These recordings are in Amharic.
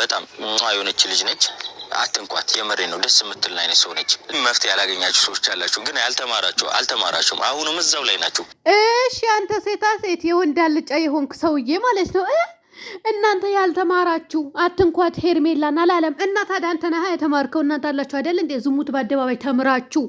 በጣም የሆነች ልጅ ነች። አትንኳት። የመሬ ነው ደስ የምትል አይነት ሰው ነች። መፍትሄ ያላገኛችሁ ሰዎች አላችሁ፣ ግን ያልተማራችሁ አልተማራችሁም። አሁንም እዛው ላይ ናችሁ። እሺ፣ አንተ ሴታ ሴት የወንድ አልጫ የሆንክ ሰውዬ ማለት ነው። እናንተ ያልተማራችሁ አትንኳት ሄርሜላን አላለም። እና ታዲያ አንተ ነህ የተማርከው። እናንተ አላችሁ አይደል እንዴ ዝሙት በአደባባይ ተምራችሁ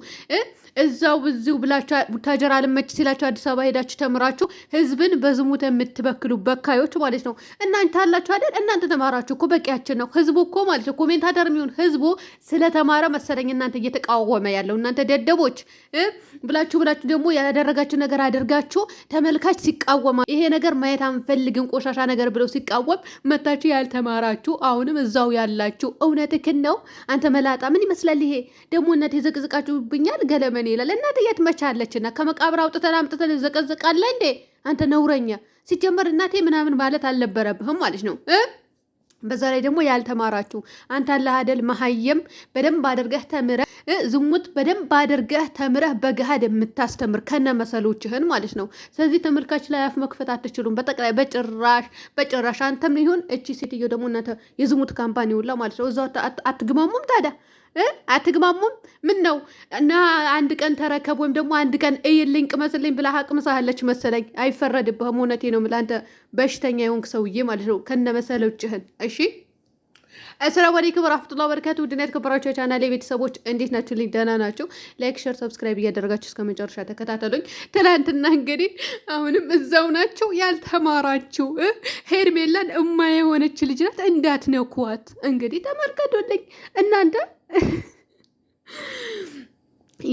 እዛው እዚሁ ብላችሁ ታጀራ ልመች ሲላችሁ አዲስ አበባ ሄዳችሁ ተምራችሁ ህዝብን በዝሙት የምትበክሉ በካዮች ማለት ነው። እናንተ አላችሁ አይደል? እናንተ ተማራችሁ እኮ በቂያችን ነው። ህዝቡ እኮ ማለት ነው ኮሜንታተር የሚሆን ህዝቡ ስለተማረ መሰለኝ እናንተ እየተቃወመ ያለው እናንተ ደደቦች ብላችሁ ብላችሁ ደግሞ ያደረጋችሁ ነገር አድርጋችሁ ተመልካች ሲቃወማ ይሄ ነገር ማየት አንፈልግም ቆሻሻ ነገር ብለው ሲ ስትቃወም መታችሁ ያልተማራችሁ አሁንም እዛው ያላችሁ እውነትህን ነው አንተ መላጣ ምን ይመስላል ይሄ ደግሞ እናቴ ዘቅዝቃችሁብኛል ገለመን ይላል እናቴ የት መቻለችና ከመቃብር አውጥተን አምጥተን ዘቀዝቃለ እንዴ አንተ ነውረኛ ሲጀመር እናቴ ምናምን ማለት አልነበረብህም ማለት ነው በዛ ላይ ደግሞ ያልተማራችሁ አንተ አላህ አይደል መሀየም በደንብ አድርገህ ተምረህ ዝሙት በደንብ አድርገህ ተምረህ በገሃድ የምታስተምር ከነ መሰሎችህን ማለት ነው። ስለዚህ ተመልካች ላይ አፍ መክፈት አትችሉም በጠቅላይ በጭራሽ በጭራሽ። አንተም ይሁን እቺ ሴትዮ ደግሞ እናንተ የዝሙት ካምፓኒ ውላ ማለት ነው። እዛው አትግማሙም ታዲያ አትግማሙም? ምን ነው እና አንድ ቀን ተረከብ ወይም ደግሞ አንድ ቀን እይልኝ ቅመስልኝ ብላ አቅምሳለች መሰለኝ። አይፈረድብህም። እውነቴ ነው የምልህ አንተ በሽተኛ የሆንክ ሰውዬ ማለት ነው ከነ መሰሎችህን እሺ አሰላሙ አለይኩም ወራህመቱላሂ ወበረካቱ። ውድና የተከበራችሁ የቻናሌ ቤተሰቦች እንዴት ናችሁ? ልኝ ደህና ናችሁ? ላይክ፣ ሼር፣ ሰብስክራይብ እያደረጋችሁ እስከ መጨረሻ ተከታተሉኝ። ትናንትና እንግዲህ አሁንም እዛው ናቸው ያልተማራችሁ። ሄርሜላን የማይሆነች ልጅ ናት እንዳትነኳት። እንግዲህ ተመልከቱልኝ እናንተ።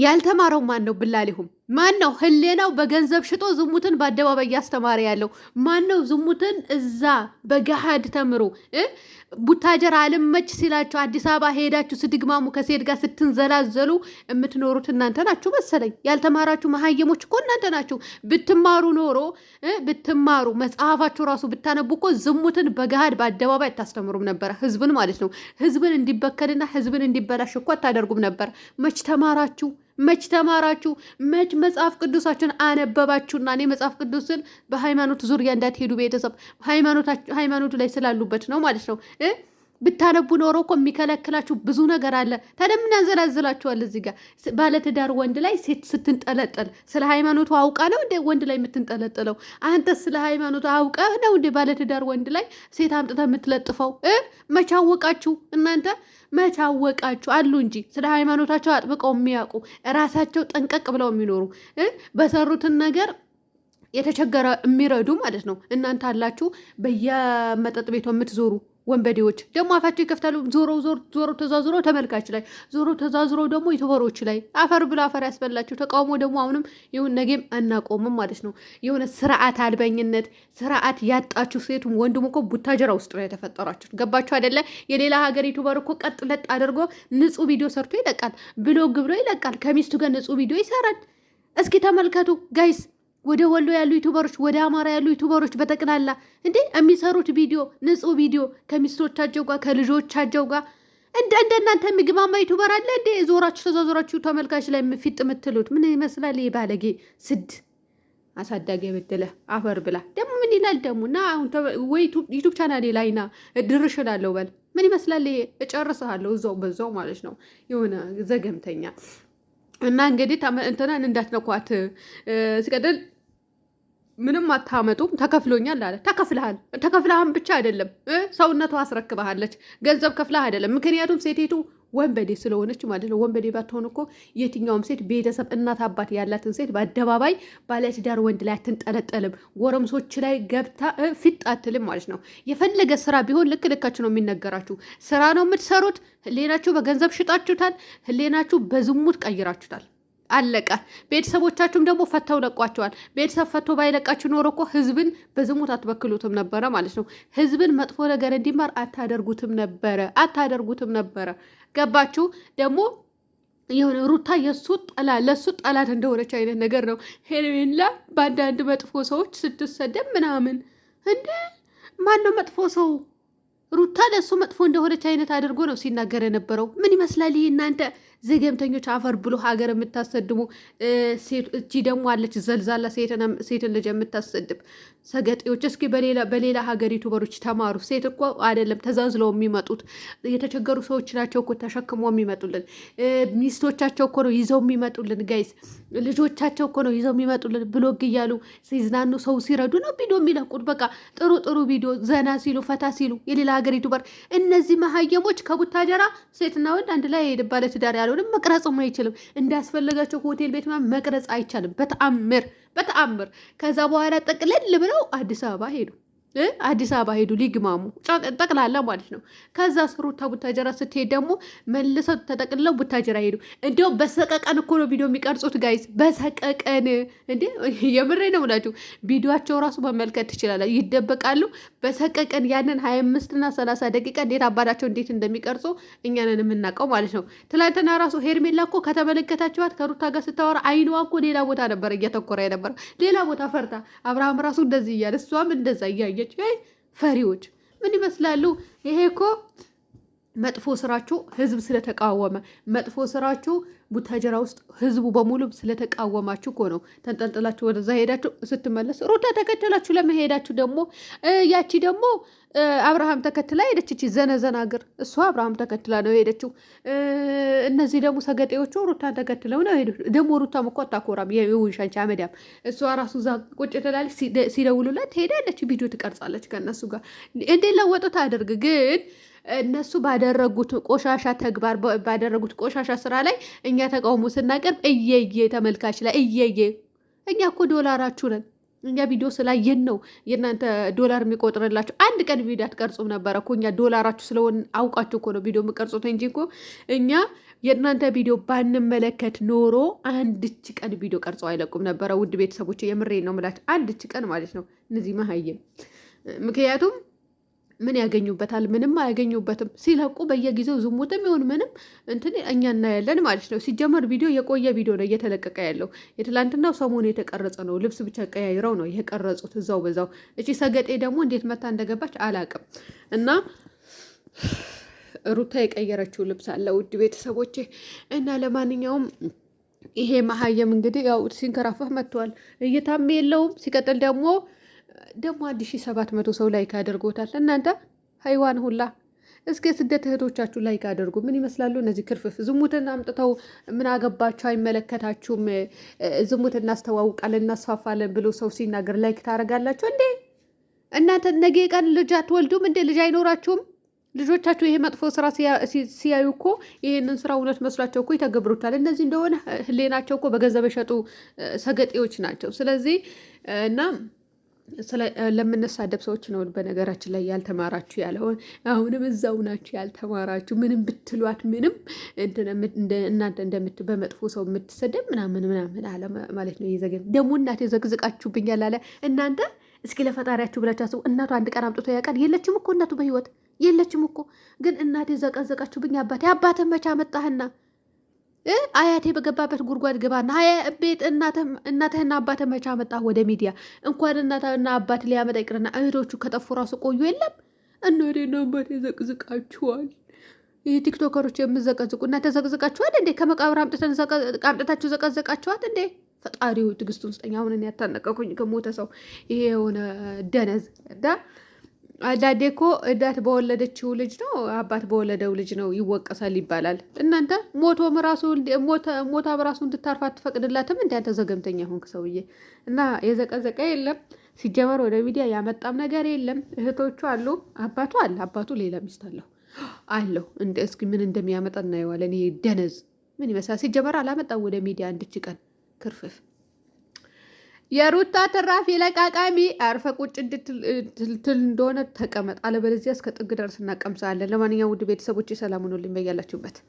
ያልተማረው ማን ነው? ብላሊሁም ማን ነው ህሌናው በገንዘብ ሽጦ ዝሙትን በአደባባይ እያስተማረ ያለው? ማን ነው ዝሙትን እዛ በገሃድ ተምሮ ቡታጀር አልመች ሲላችሁ አዲስ አበባ ሄዳችሁ ስድግማሙ ከሴት ጋር ስትንዘላዘሉ የምትኖሩት እናንተ ናችሁ መሰለኝ። ያልተማራችሁ መሀየሞች እኮ እናንተ ናችሁ። ብትማሩ ኖሮ ብትማሩ መጽሐፋችሁ ራሱ ብታነቡ እኮ ዝሙትን በገሃድ በአደባባይ አታስተምሩም ነበረ። ህዝብን ማለት ነው። ህዝብን እንዲበከልና ህዝብን እንዲበላሽ እኮ አታደርጉም ነበር። መች ተማራችሁ? መች ተማራችሁ? መች መጽሐፍ ቅዱሳችሁን አነበባችሁና? እኔ መጽሐፍ ቅዱስን በሃይማኖት ዙሪያ እንዳትሄዱ ቤተሰብ ሃይማኖቱ ላይ ስላሉበት ነው ማለት ነው። ብታነቡ ኖሮ እኮ የሚከለክላችሁ ብዙ ነገር አለ። ታዲያ ምን ያንዘላዝላችኋል? እዚህ ጋር ባለትዳር ወንድ ላይ ሴት ስትንጠለጠል ስለ ሃይማኖቱ አውቃ ነው እንደ ወንድ ላይ የምትንጠለጠለው? አንተ ስለ ሃይማኖቱ አውቀ ነው እንደ ባለትዳር ወንድ ላይ ሴት አምጥተ የምትለጥፈው? መቻወቃችሁ እናንተ መቻወቃችሁ አሉ እንጂ ስለ ሃይማኖታቸው አጥብቀው የሚያውቁ ራሳቸው ጠንቀቅ ብለው የሚኖሩ በሰሩትን ነገር የተቸገረ የሚረዱ ማለት ነው። እናንተ አላችሁ በየመጠጥ ቤቱ የምትዞሩ ወንበዴዎች ደግሞ አፋቸው ይከፍታሉ። ዞሮ ዞሮ ተዛዝሮ ተመልካች ላይ ዞሮ ተዛዝሮ ደግሞ የተወሮች ላይ አፈር ብሎ አፈር ያስበላቸው ተቃውሞ ደግሞ አሁንም ይሁን ነገም አናቆምም ማለት ነው። የሆነ ስርዓት አልበኝነት ስርዓት ያጣችሁ ሴቱ ወንድም እኮ ቡታጀራ ውስጥ ነው የተፈጠሯችሁ። ገባችሁ አይደለ? የሌላ ሀገር ዩቱበር እኮ ቀጥ ለጥ አድርጎ ንጹህ ቪዲዮ ሰርቶ ይለቃል፣ ብሎግ ብሎ ይለቃል፣ ከሚስቱ ጋር ንጹህ ቪዲዮ ይሰራል። እስኪ ተመልከቱ ጋይስ። ወደ ወሎ ያሉ ዩቱበሮች፣ ወደ አማራ ያሉ ዩቱበሮች በጠቅላላ እንዴ የሚሰሩት ቪዲዮ ንጹህ ቪዲዮ ከሚስቶቻቸው ጋር ከልጆቻቸው ጋር እንደ እንደናንተ የሚግባማ ዩቱበር አለ እንዴ? ዞራችሁ ተዛዞራችሁ ተመልካች ላይ ፊጥ የምትሉት ምን ይመስላል? ባለጌ ስድ አሳዳጊ የበደለ አፈር ብላ ደግሞ ምን ይላል ደግሞ እና አሁን ወይ ዩቱብ ቻናሌ ላይና ና ድርሽ እላለሁ። በል ምን ይመስላል ይሄ? እጨርስሃለሁ እዛው በዛው ማለት ነው። የሆነ ዘገምተኛ እና እንግዲህ እንትናን እንዳትነኳት ሲቀጥል ምንም አታመጡም፣ ተከፍሎኛል አለ። ተከፍልሃል። ተከፍልሃን ብቻ አይደለም ሰውነቷ አስረክበሃለች፣ ገንዘብ ከፍላህ አይደለም። ምክንያቱም ሴቴቱ ወንበዴ ስለሆነች ማለት ነው። ወንበዴ ባትሆን እኮ የትኛውም ሴት ቤተሰብ፣ እናት፣ አባት ያላትን ሴት በአደባባይ ባለትዳር ወንድ ላይ አትንጠለጠልም። ጎረምሶች ላይ ገብታ ፊት አትልም ማለት ነው። የፈለገ ስራ ቢሆን ልክ ልካችሁ ነው የሚነገራችሁ። ስራ ነው የምትሰሩት። ህሌናችሁ በገንዘብ ሽጣችሁታል። ህሌናችሁ በዝሙት ቀይራችሁታል። አለቀ። ቤተሰቦቻችሁም ደግሞ ፈተው ለቋቸዋል። ቤተሰብ ፈቶ ባይለቃችሁ ኖሮ እኮ ህዝብን በዝሙት አትበክሉትም ነበረ ማለት ነው። ህዝብን መጥፎ ነገር እንዲማር አታደርጉትም ነበረ አታደርጉትም ነበረ። ገባችሁ ደግሞ የሆነ ሩታ የእሱ ጠላት ለእሱ ጠላት እንደሆነች አይነት ነገር ነው። ሄርሜላ በአንዳንድ መጥፎ ሰዎች ስትሰደብ ምናምን እንደ ነው መጥፎ ሰው ሩታ ለእሱ መጥፎ እንደሆነች አይነት አድርጎ ነው ሲናገር የነበረው። ምን ይመስላል ይህ እናንተ? ዘገምተኞች፣ አፈር ብሎ ሀገር የምታሰድሙ እቺ ደግሞ አለች ዘልዛላ ሴትን ልጅ የምታሰድብ ሰገጤዎች። እስኪ በሌላ ሀገር ዩቱበሮች ተማሩ። ሴት እኮ አይደለም ተዛዝለው የሚመጡት የተቸገሩ ሰዎች ናቸው እኮ ተሸክሞ የሚመጡልን። ሚስቶቻቸው እኮ ነው ይዘው የሚመጡልን። ጋይስ ልጆቻቸው እኮ ነው ይዘው የሚመጡልን። ብሎግ እያሉ ሲዝናኑ ሰው ሲረዱ ነው ቪዲዮ የሚለቁት። በቃ ጥሩ ጥሩ ቪዲዮ ዘና ሲሉ ፈታ ሲሉ የሌላ ሀገር ዩቱበር እነዚህ መሀየሞች ከቡታጀራ ሴትና ወንድ አንድ ላይ ባለትዳር ያሉ መቅረጽ መቅረጽም አይችልም። እንዳስፈለጋቸው ሆቴል ቤት መቅረጽ አይቻልም። በተአምር በተአምር። ከዛ በኋላ ጠቅለል ብለው አዲስ አበባ ሄዱ። አዲስ አበባ ሄዱ ሊግማሙ ጠቅላላ ማለት ነው። ከዛ ስሩታ ቡታጀራ ስትሄድ ደግሞ መልሰው ተጠቅልለው ቡታጀራ ሄዱ። እንዲሁም በሰቀቀን እኮ ነው ቪዲዮ የሚቀርጹት ጋይስ፣ በሰቀቀን እንዴ! የምሬ ነው ብላችሁ ቪዲዮቸው ራሱ መመልከት ትችላለ። ይደበቃሉ በሰቀቀን ያንን ሀያ አምስትና ሰላሳ ደቂቃ እንዴት አባዳቸው እንዴት እንደሚቀርጹ እኛንን የምናውቀው ማለት ነው። ትላንትና ራሱ ሄርሜላ እኮ ከተመለከታችኋት ከሩታ ጋር ስታወራ አይኗ እኮ ሌላ ቦታ ነበረ እያተኮረ የነበረ ሌላ ቦታ ፈርታ፣ አብርሃም ራሱ እንደዚህ እያለ እሷም እንደዛ እያየ አየች። ፈሪዎች ምን ይመስላሉ? ይሄ እኮ መጥፎ ስራችሁ ህዝብ ስለተቃወመ መጥፎ ስራችሁ ቡታጀራ ውስጥ ህዝቡ በሙሉ ስለተቃወማችሁ እኮ ነው ተንጠልጥላችሁ ወደዛ ሄዳችሁ፣ ስትመለስ ሩታ ተከተላችሁ። ለመሄዳችሁ ደግሞ ያቺ ደግሞ አብርሃም ተከትላ ሄደች። እቺ ዘነዘና እሷ አብርሃም ተከትላ ነው ሄደችው። እነዚህ ደግሞ ሰገጤዎቹ ሩታን ተከትለው ነው ሄደች ደግሞ ሩታም እኮ አታኮራም፣ የውንሻንቺ አመዳም እሷ ራሱ ዛ ቁጭ ትላለች። ሲደውሉላት ሄዳለች፣ ቪዲዮ ትቀርጻለች ከእነሱ ጋር እንዴ ለወጡት አደርግ ግን እነሱ ባደረጉት ቆሻሻ ተግባር ባደረጉት ቆሻሻ ስራ ላይ እኛ ተቃውሞ ስናቀርብ እየየ ተመልካች ላይ እየየ። እኛ እኮ ዶላራችሁ ነን። እኛ ቪዲዮ ስላየን ነው የእናንተ ዶላር የሚቆጥርላችሁ። አንድ ቀን ቪዲዮ አትቀርጹም ነበረ እኮ እኛ ዶላራችሁ ስለሆን አውቃችሁ እኮ ነው ቪዲዮ የምቀርጹት እንጂ እኮ እኛ የእናንተ ቪዲዮ ባንመለከት ኖሮ አንድች ቀን ቪዲዮ ቀርጸው አይለቁም ነበረ። ውድ ቤተሰቦች የምሬ ነው ምላቸው አንድች ቀን ማለት ነው እነዚህ መሀይም ምክንያቱም ምን ያገኙበታል? ምንም አያገኙበትም። ሲለቁ በየጊዜው ዝሙትም ይሁን ምንም እንትን እኛ እናያለን ማለት ነው። ሲጀመር ቪዲዮ የቆየ ቪዲዮ ነው እየተለቀቀ ያለው የትላንትናው ሰሞኑ የተቀረጸ ነው። ልብስ ብቻ ቀያይረው ነው የቀረጹት እዛው በዛው። እቺ ሰገጤ ደግሞ እንዴት መታ እንደገባች አላቅም እና ሩታ የቀየረችው ልብስ አለ ውድ ቤተሰቦቼ እና ለማንኛውም ይሄ መሀየም እንግዲህ ያው ሲንከራፋ መጥተዋል። እይታም የለውም ሲቀጥል ደግሞ ደግሞ አንድ ሺህ ሰባት መቶ ሰው ላይክ አድርጎታል። እናንተ ሀይዋን ሁላ እስከ ስደት እህቶቻችሁ ላይክ አድርጉ። ምን ይመስላሉ እነዚህ ክርፍፍ ዝሙትን አምጥተው ምን አገባችሁ አይመለከታችሁም፣ ዝሙት እናስተዋውቃለን እናስፋፋለን ብሎ ሰው ሲናገር ላይክ ታደርጋላችሁ እንዴ? እናንተ ነገ ቀን ልጅ አትወልዱም እንዴ? ልጅ አይኖራችሁም? ልጆቻችሁ ይሄ መጥፎ ስራ ሲያዩ እኮ ይህንን ስራ እውነት መስሏቸው እኮ ይተገብሩታል። እነዚህ እንደሆነ ህሌናቸው እኮ በገንዘብ የሸጡ ሰገጤዎች ናቸው። ስለዚህ እና ለምንሳደብ ሰዎች ነው በነገራችን ላይ ያልተማራችሁ ያለውን አሁንም እዛው ናችሁ ያልተማራችሁ ምንም ብትሏት ምንም እናንተ እንደምት በመጥፎ ሰው የምትሰደብ ምናምን ምናምን አለ ማለት ነው። የዘገ ደግሞ እናቴ ዘግዝቃችሁብኛል አለ። እናንተ እስኪ ለፈጣሪያችሁ ብላችሁ አስቡ። እናቱ አንድ ቀን አምጥቶ ያውቃል? የለችም እኮ እናቱ በህይወት የለችም እኮ። ግን እናቴ ዘቀዘቃችሁብኝ አባቴ አባትን መቻ መጣህና አያቴ በገባበት ጉድጓድ ግባና ቤት እናትህና አባትህ መቻ መጣ ወደ ሚዲያ? እንኳን እናትና አባት ሊያመጣ ይቅርና እህቶቹ ከጠፉ ራሱ ቆዩ የለም። እናቴና አባቴ ዘቅዝቃችኋል። ይህ ቲክቶከሮች የምዘቀዝቁ እናንተ ዘቅዝቃችኋል እንዴ? ከመቃብር አምጥታችሁ ዘቀዘቃችኋል እንዴ? ፈጣሪው ትግስቱን ስጠኝ። አሁን ያታነቀኩኝ ከሞተ ሰው ይሄ የሆነ ደነዝ አንዳንዴ እኮ እናት በወለደችው ልጅ ነው አባት በወለደው ልጅ ነው ይወቀሳል ይባላል። እናንተ ሞቶም ራሱ ሞታ ራሱ እንድታርፍ አትፈቅድላትም። እንዲ አንተ ዘገምተኛ ሆንክ ሰውዬ። እና የዘቀዘቀ የለም ሲጀመር ወደ ሚዲያ ያመጣም ነገር የለም። እህቶቹ አሉ፣ አባቱ አለ። አባቱ ሌላ ሚስት አለው አለው። እንደ እስኪ ምን እንደሚያመጣ እናየዋለን። ይሄ ደነዝ ምን ይመስላል? ሲጀመር አላመጣም ወደ ሚዲያ አንድች ቀን ክርፍፍ የሩታ ትራፊ ለቃቃሚ አርፈ ቁጭ እንድትል እንደሆነ ተቀመጥ፣ አለበለዚያ እስከ ጥግ ደርስ እናቀምሳለን። ለማንኛውም ውድ ቤተሰቦች ሰላሙን ልኝ በያላችሁበት